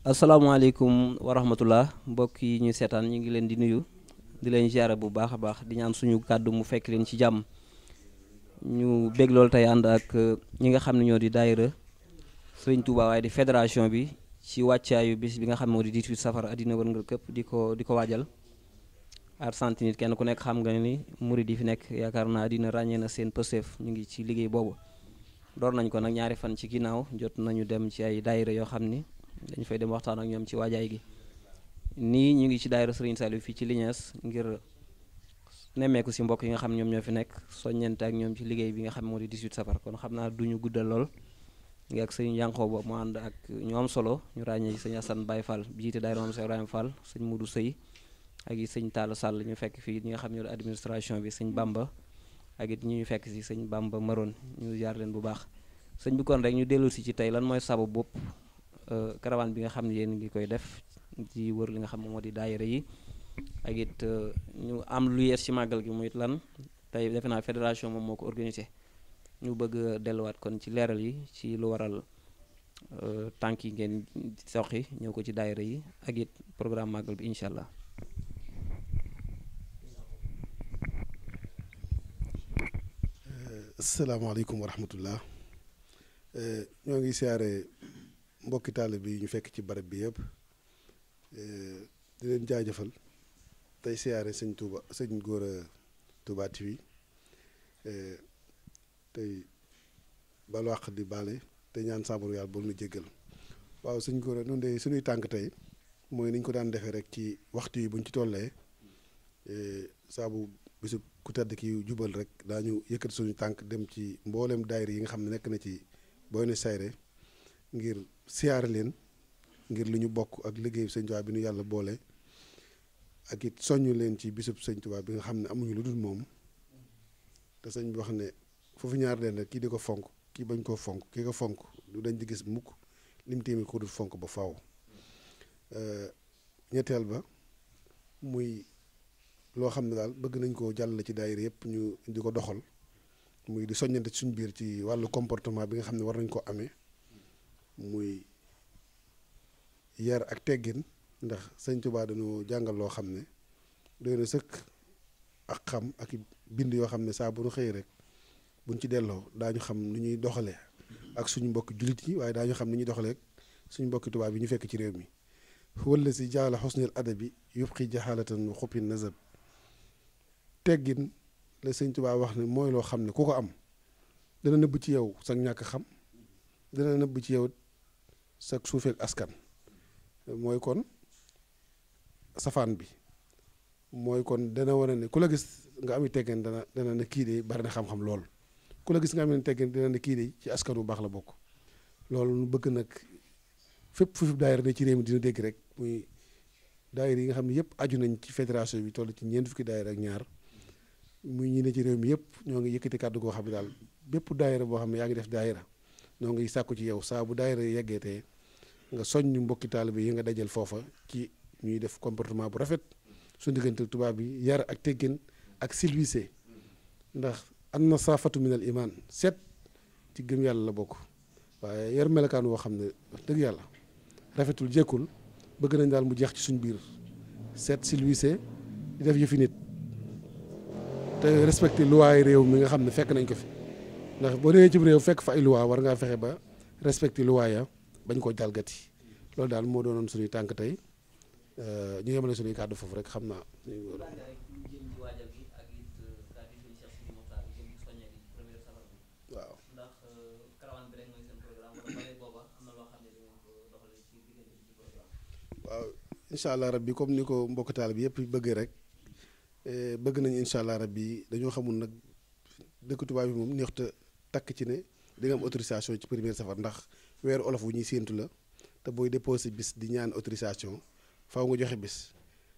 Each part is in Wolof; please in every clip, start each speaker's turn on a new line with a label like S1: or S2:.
S1: asalaamaaleykum wa rahmatullah mbokk yi ñu seetaan ñu ngi leen di nuyu di leen ziare bu baax a baax di ñaan suñu kàddu mu fekk leen ci jàmm ñu béglool tey ànd ak euh, ñi nga xam ne ñoo di daayira Sëriñ Tuubaa waaye di fédération bi ci wàccaayu bis bi nga xam ne moo di 18 safar àddina wërngal këpp di ko di ko waajal Argentine kenn ku nekk xam nga ni murid yi fi nekk yaakaar naa dina ràññee na seen pëseef ñu ngi ci liggéey boobu door nañ ko nag ñaari fan ci ginnaaw jot nañu dem ci ay daayira yoo xam ni dañu fay dem waxtaan ak ñoom ci waajaay gi nii ñu ngi ci daayira Serigne Saliou fii ci Lignes ngir nemmeeku si mbokk yi nga xam ñoom ñoo fi nekk soññante ak ñoom ci liggéey bi nga xam moo di 18 safar kon xam naa duñu guddal lool nga ak sëñ Yankoo ba mu ànd ak ñu am solo ñu ràññee sëñ Assane Baye Fall jiite daayira Mame Cheikh Ibrahima Fall sëñ ak it sëñ Talla Sall ñu fekk fii ñi nga xam ñoo di administration bi sëñ Bamba ak it ñi ñu fekk si sëñ Bamba Maroon ñu jaar leen bu baax sëñ bi kon rek ñu dellu si ci tey lan mooy sabab bopp Euh, caravane bi nga xam ne yéen ngi koy def ci wër li nga xam moom moo di daayira yi ak it euh, ñu am lu yees ci màggal gi muy lan tey defe naa fédération moom moo ko organisé ñu bëgg delluwaat kon ci leeral yi ci lu waral euh, tànk yi ngeen soxi ñëw ko ci daayira yi ak it programme màggal bi incha allah.
S2: asalaamaaleykum wa rahmatullah ñoo ngi siyaare mbokki taalibe yi ñu fekk ci barab bi yëpp eh, di leen jaajëfal tey siyaare sëñ Touba sëñ Gora Touba TV eh, tey balu àq di bale te ñaan saabaru yàlla bul nu jéggal waaw sëñ Gora noonu de suñuy tànk tey mooy niñ ko daan defee rek ci waxtu yi buñ ci tollee eh, saabu bisu ku tedd ki jubal rek daañu yëkkati suñu tànk dem ci mboolem daayira yi nga xam ne nekk na ci Buenos Aires ngir siyaar leen ngir lu ñu bokk ak liggéey sëñ Tuubaa bi nu yàlla boole ak it soññ leen ci bisub sëñ Tuubaa bi nga xam ne amuñu lu dul moom te sëñ bi wax ne foofu ñaar leen rek kii di ko fonk kii bañ koo fonk kii ko fonk du dañ di gis mukk lim téemi koo dul fonk ba faaw ñetteel ba muy loo xam ne daal bëgg nañ koo jàll ci daayira yëpp ñu di ko doxal muy di soññante ci suñ biir ci wàllu comportement bi nga xam ne war nañ koo amee muy yar ak teggin ndax sëñ Tuubaa dañoo jàngal loo xam ne doy na sëkk ak xam ak bind yoo xam ne saa bu nu xëy rek buñ ci delloo daañu xam nu ñuy doxalee ak suñu mbokk jullit yi waaye daañu xam ni ñuy doxalee suñu mbokki tubaab yi ñu fekk ci réew mi wala si jaala xusnil adabi yubqi jaxaalatan wa xuppi nazab teggin la sëñ Tuubaa wax ne mooy loo xam ne ku ko am dana nëbb ci yow sax ñàkk xam dana nëbb ci yow sag suufeeg askan mooy kon safaan bi mooy kon dana wane ne ku la gis nga am teggin dana dana ne kii de bari na xam-xam lool ku la gis nga am ne teggin dana ne kii de ci askan bu baax la bokk loolu nu bëgg nag fépp fu fi daayira ne ci réew mi dina dégg rek muy daayira yi nga xam ne yëpp aju nañ ci fédération bi toll ci ñeent fukki daayira ak ñaar muy ñi ne ci réew mi yëpp ñoo ngi yëkkati kàddu goo xam ne daal bépp daayira boo xam ne yaa ngi def daayira noo ngi sàkku ci yow saa bu yeggee yeggeetee nga soññ mbokki taalibe yi nga dajal foofa ci ñuy def comportement bu rafet su diggante tubaab bi yar ak teggin ak silvisé ndax am na saafatu minal iman seet ci gëm yàlla la bokk waaye yar melekaan woo xam ne wax dëgg yàlla rafetul jekkul bëgg nañ daal mu jeex ci suñu biir seet silvisé di def yëfi nit te respecté luwaay réew mi nga xam ne fekk nañ ko fi ndax boo demee ci réew fekk fa ay luwaa war ngaa fexe ba respecté luwaa ya bañ koo jalgati loolu daal moo doonoon suñuy tànk tey euh, ñu yemale suñuy kàddu foofu rek xam naa. waaw. waaw incha allah rabbi comme ni ko mbokk taal bi yëpp bëggee rek eh, bëgg nañu incha allah rabbi dañoo xamul nag dëkk tubaab bi moom takk ci ne di am autorisation ci première safar ndax weeru olof wu ñuy séentu la te booy déposé bis di ñaan autorisation faaw nga joxe bis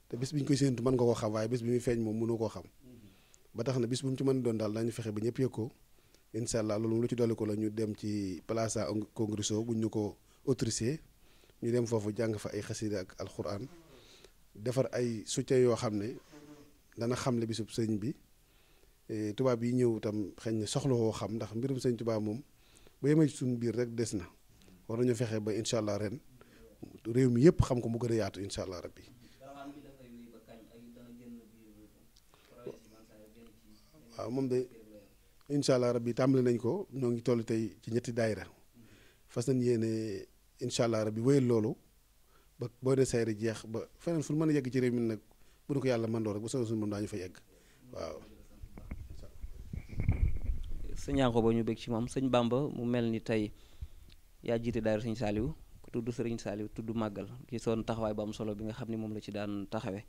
S2: te bis bi ñu koy séentu man nga koo xam waaye bis bi muy feeñ moom mënoo koo xam ba tax na bis bu mu ci mën doon daal daañu fexe ba ñëpp yëg ko incha allah loolu lu ci dolli ko la ñu dem ci plaza congresso bu ñu ko autorisé ñu dem foofu jàng fa ay xasida ak alquran defar ay soutien yoo xam ne dana xamle bisub bi Eh, tubaab yi ñëw itam xëy na soxla woo xam ndax mbirum sëñ tubaab moom ba yemee ci biir rek des na war nañu fexe ba incha allah ren réew mi yëpp xam ko mu gën a yaatu incha allah rabbi waaw tàmbali nañ ko ñoo ngi toll tey ci ñetti daayira fas nañ yéene incha allah rabbi wéyal loolu ba boo ne sayri jeex ba feneen fu mën a yegg ci réew mi nag bu ñu ko yàlla
S1: mandoo rek ba soobee suñu moom daañu fa yegg waaw sëñ Yankoba ñu bëgg ci moom sëñ Bamba mu mel ni tey yaa jiite daara sëñ Saaliw ku tudd sëriñ Saaliw tudd màggal gisoon taxawaay bu am solo bi nga xam ni moom la ci daan taxawee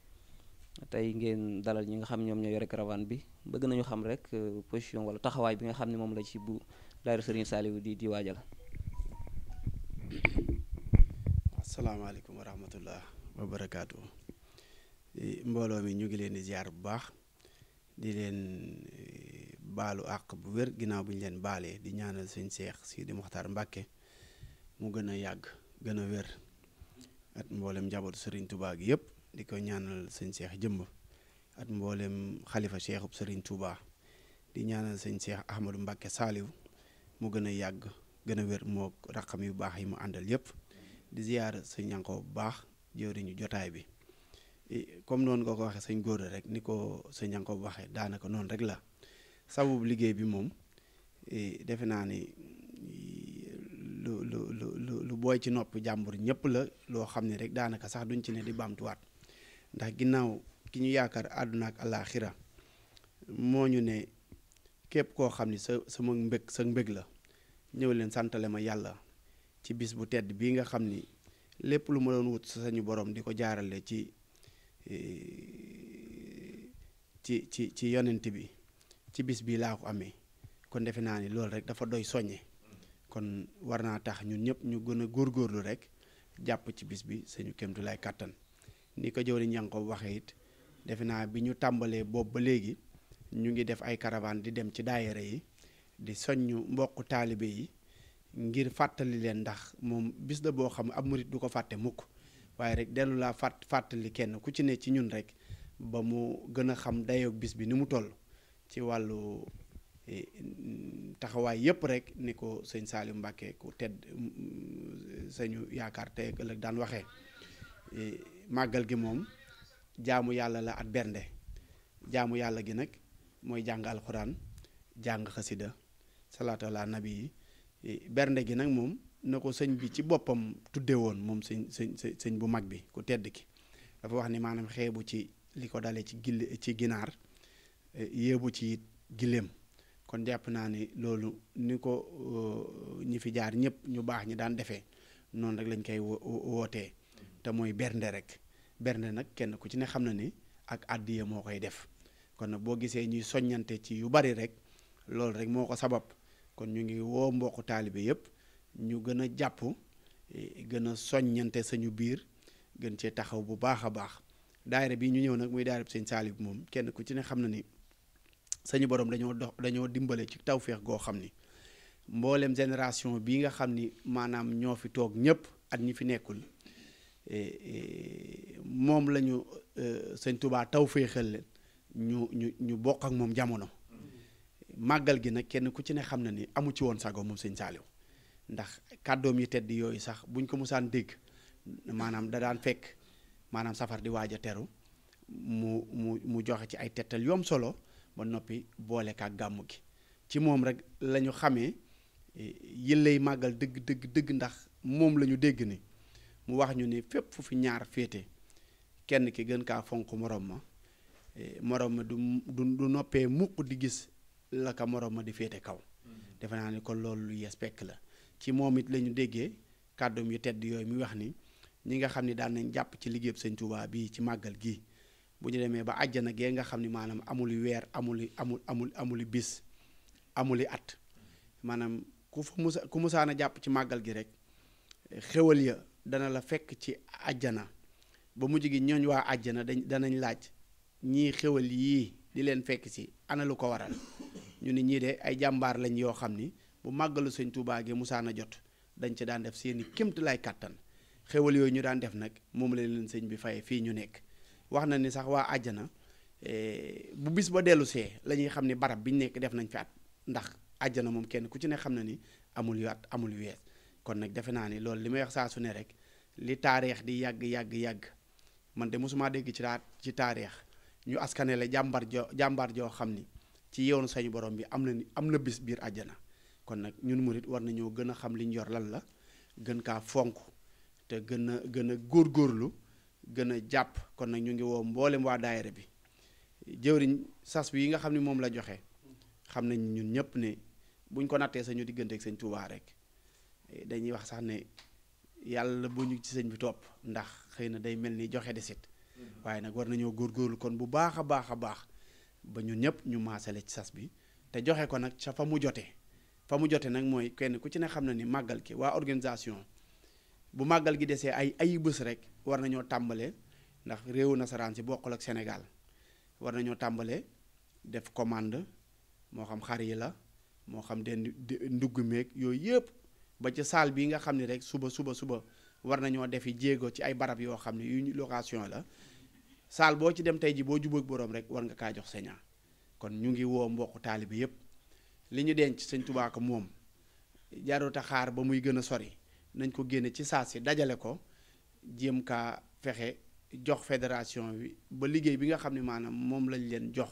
S1: tey ngeen dalal ñi nga xam ñoom ñoo yore caravane bi bëgg nañu xam rek euh, position wala taxawaay bi nga xam ne moom la ci bu daara sëriñ Saaliw di di waajal.
S3: asalaamaaleykum wa rahmatullah mi ñu ngi leen di ziar bu baax baalu àq bu wér ginnaaw bi ñu leen baalee di ñaanal suñ seex Sidi Moxtaar Mbàkke mu gën a yàgg gën a wér at mboolem njabootu sëriñ Touba gi yëpp di ko ñaanal sëñ seex jëmb at mboolem xalifa seexub sëriñ Touba di ñaanal sëñ seex Ahmadou Mbàkke Saaliw mu gën a yàgg gën a wér moo raqam yu baax yi mu àndal yëpp di ziyaar sëñ bu baax jëwriñu jotaay bi comme noonu nga ko waxe sëñ góor rek ni ko sëñ Yanko bu waxee daanaka noonu rek la sababu liggéey bi moom e, defe naa ni lu lu lu lu booy ci nopp jàmbur ñëpp la loo xam ne rek daanaka sax duñ ci ne di baamtuwaat ndax ginnaaw ki ñu yaakaar àdduna ak àllaaxira moo ñu ne képp koo xam ni sa sama mbëg sa mbëg la ñëw leen santale ma yàlla ci bis bu tedd bii nga xam ni lépp lu ma doon wut sa sañu borom di ko jaarale ci e, ci ci ci yonent bi ci bis bi laa ko amee kon defe naa ni loolu rek dafa doy soññe kon war naa tax ñun ñëpp ñu gën a góorlu rek jàpp ci bis bi suñu kémtu lay kàttan ni ko jëwriñ yaa ngi ko waxee it defe naa bi ñu tàmbalee boobu ba léegi ñu ngi def ay caravane di dem ci daayira yi di soññu mbokk taalibe yi ngir fàttali leen ndax moom bis la boo xam ab murit du ko fàtte mukk waaye rek dellu laa fàtt fàttali kenn ku ci ne ci ñun rek ba mu gën a xam dayoog bis bi ni mu toll ci wàllu eh, taxawaay yëpp rek ni ko sëñ Saliou Mbacke ku tedd mm, mm, sañu yaakaar te ëllëg daan waxee eh, màggal gi moom jaamu yàlla la ak bernde jaamu yàlla gi nag mooy jàng alxuraan jàng xasida salaatu ala nabi eh, bernde gi nag moom na ko sëñ bi ci boppam tudde woon moom sëñ sëñ sëñ bu mag bi ku tedd ki dafa wax ni maanaam xeebu ci li ko dalee ci gill ci ginaar Eh, yéebu ci giléem kon jàpp naa ni loolu ni ko uh, ñi fi jaar ñëpp ñu baax ñi daan defee noonu rek lañ koy wootee te mooy bernde rek bernde nag kenn ku ci ne xam na ni ak àddiya moo koy def kon nag boo gisee ñuy soññante ci yu bari rek loolu rek moo ko sabab kon ñu ngi woo mbokku taalibe yëpp ñu gën a jàpp eh, gën a soññante sañu biir gën cee taxaw bu baax a baax daayira bi ñu ñëw nag muy daayira bi sëñ Saalib moom kenn ku ci ne xam na ni sañu borom dañoo dox dañoo dimbale ci tawféex goo xam ni mbooleem génération bii nga xam ni maanaam ñoo fi toog ñëpp at ñi fi nekkul eh, eh, moom lañu ñu eh, sëñ Touba tawféexal leen ñu ñu ñu bokk ak moom jamono. màggal gi nag kenn ku ci ne xam na ni amu ci woon sago moom sëñ Saaliw ndax kàddoom yi tedd yooyu sax buñ ko musaan dégg maanaam da daan fekk maanaam safar di waaj a teru mu mu mu joxe ci ay tettal yoom solo. ba noppi boole kaa gàmmu gi ci moom rek la ñu xamee eh, yëllay màggal dëgg dëgg dëgg ndax moom lañu dégg ni mu wax ñu ni fépp fu fi ñaar féete kenn ki gën kaa fonk moroom ma eh, morom ma du du noppee mukk di gis la ka morom ma di féete kaw mm-hmm. defe naa ni kon loolu lu yees pekk la ci moom it la ñu déggee kàddum yi tedd yooyu muy wax ni ñi nga xam ne daan nañ jàpp ci liggéeyub sëñ Tuubaa bii ci màggal gii bu ñu demee ba àjjana gee nga xam ni maanaam amul amuli weer amul amul amul amuli bis amul amuli at maanaam ku fa musa ku musaan a jàpp ci màggal gi rek xéwal ya dana la fekk ci àjjana ba mujj gi ñooñ waa àjjana dañ danañ laaj ñii xéwal yii di leen fekk si ana lu ko waral ñu ni ñii de ay jàmbaar lañ yoo xam ni bu màggalu sëñ Tuubaa gi a jot dañ ci daan def seeni kémt lay kàttan xéwal yooyu ñu daan def nag moom la leen sëñ bi faye fii ñu nekk wax na ni sax waa àjjana eh, bu bis ba dellu see la ñuy xam ni barab biñ nekk def nañ fi at ndax àjjana moom kenn ku ci ne xam na ni amul yu at amul yu wees kon nag defe naa ni loolu li may wax saa su ne rek li taarix di yàgg yàgg yàgg man de mosuma dégg ci ci taarix ñu askane la jàmbar joo joo xam ni ci yoonu sañu borom bi am na ni am na bis biir àjjana kon nag ñun murit war nañoo gën a xam li ñu yor lan la gën kaa fonk te gën a gën a góor góorlu gën a jàpp kon nag ñu ngi woo mboolem waa daayira bi jëwriñ sas bi yi nga xam ne moom la joxe xam nañ ñun ñëpp ni buñ ko nattee sañu digganteeg sëñ Touba rek dañuy wax sax ne yàlla bu ñu ci sëñ bi topp ndax xëy na day mel ni joxe desit mm-hmm. waaye nag war nañoo góor góorgóorlu kon bu baax a baax a baax ba ñun ñëpp ñu maasale ci sas bi te joxe ko nag ca fa mu jote fa mu jotee nag mooy kenn ku ci ne xam na ni màggal ki waa organisation bu màggal gi desee ay ay bés rek war nañoo tàmbale ndax réewu nasaraan si bokkul ak Sénégal war nañoo tàmbale def commande moo xam xar yi la moo xam de ndugg meeg yooyu yëpp ba ci saal bi nga xam ne rek suba suba suba war nañoo defi jéego ci ay barab yoo xam ne yu location la saal boo ci dem tey ji boo jubóog boroom rek war nga kaa jox señaa kon ñu ngi woo mbokku taalibe yëpp li ñu denc sëñ Tuubaa moom jaarut a xaar ba muy gën a sori nañ ko génne ci saa si dajale ko jéem kaa fexe jox fédération bi ba liggéey bi nga xam ni maanaam moom lañ leen jox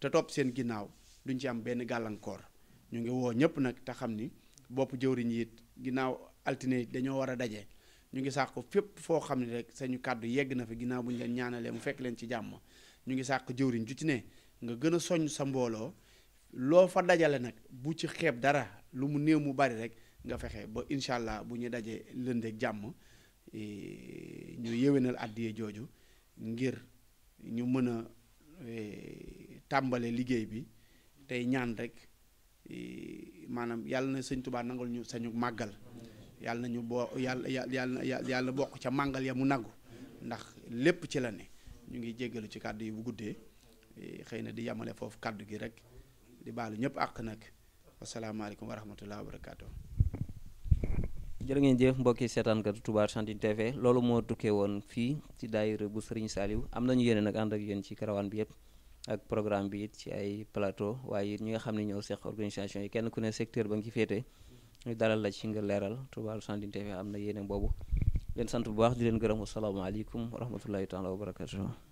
S3: te topp seen ginnaaw duñ ci am benn gàllankoor ñu ngi woo ñëpp nag te xam ni bopp jëwriñ yi ginnaaw altine yi dañoo war a daje ñu ngi sàq fépp foo xam ne rek sañu kàddu yegg na fa ginnaaw bu ñu leen ñaanalee mu fekk leen ci jàmm ñu ngi sàq jëwriñ ju ci ne nga gën a soññ sa mbooloo loo fa dajale nag bu ci xeeb dara lu mu néew mu bari rek nga fexe ba incha allah bu ñu dajee lëndeeg jàmm e, ñu yéwénal àddiyee jooju ngir ñu mën a e, tàmbale liggéey bi tey ñaan rek e, maanaam yàlla na sëñ Tuubaa nangal ñu sañu màggal yàlla na ñu boo yàlla yàlla yàlla bokk ca màngal ya mu nagu ndax lépp ci la ne ñu ngi jéggalu ci kàddu yi bu guddee xëy na di yamale foofu kàddu gi rek di baalu ñëpp àq nag wasalaamaaleykum wa rahmatullahi wa
S1: jërë ngeen jëf mbokki seetaankatu Touba Argentine TV loolu moo tukkee woon fii ci daayira bu Serigne Saliou am nañu yenn nag ànd ak yéen ci karawaan bi yëpp ak programme bi it ci ay palato waaye it ñi nga xam ne ñoo seq organisation yi kenn ku ne secteur ba ngi ci féete ñu dalal la ci nga leeral Touba Argentine TV am na yéene boobu leen sant bu baax di leen gërëm asalaamaaleykum wa rahmatullahi taala wa barakatuh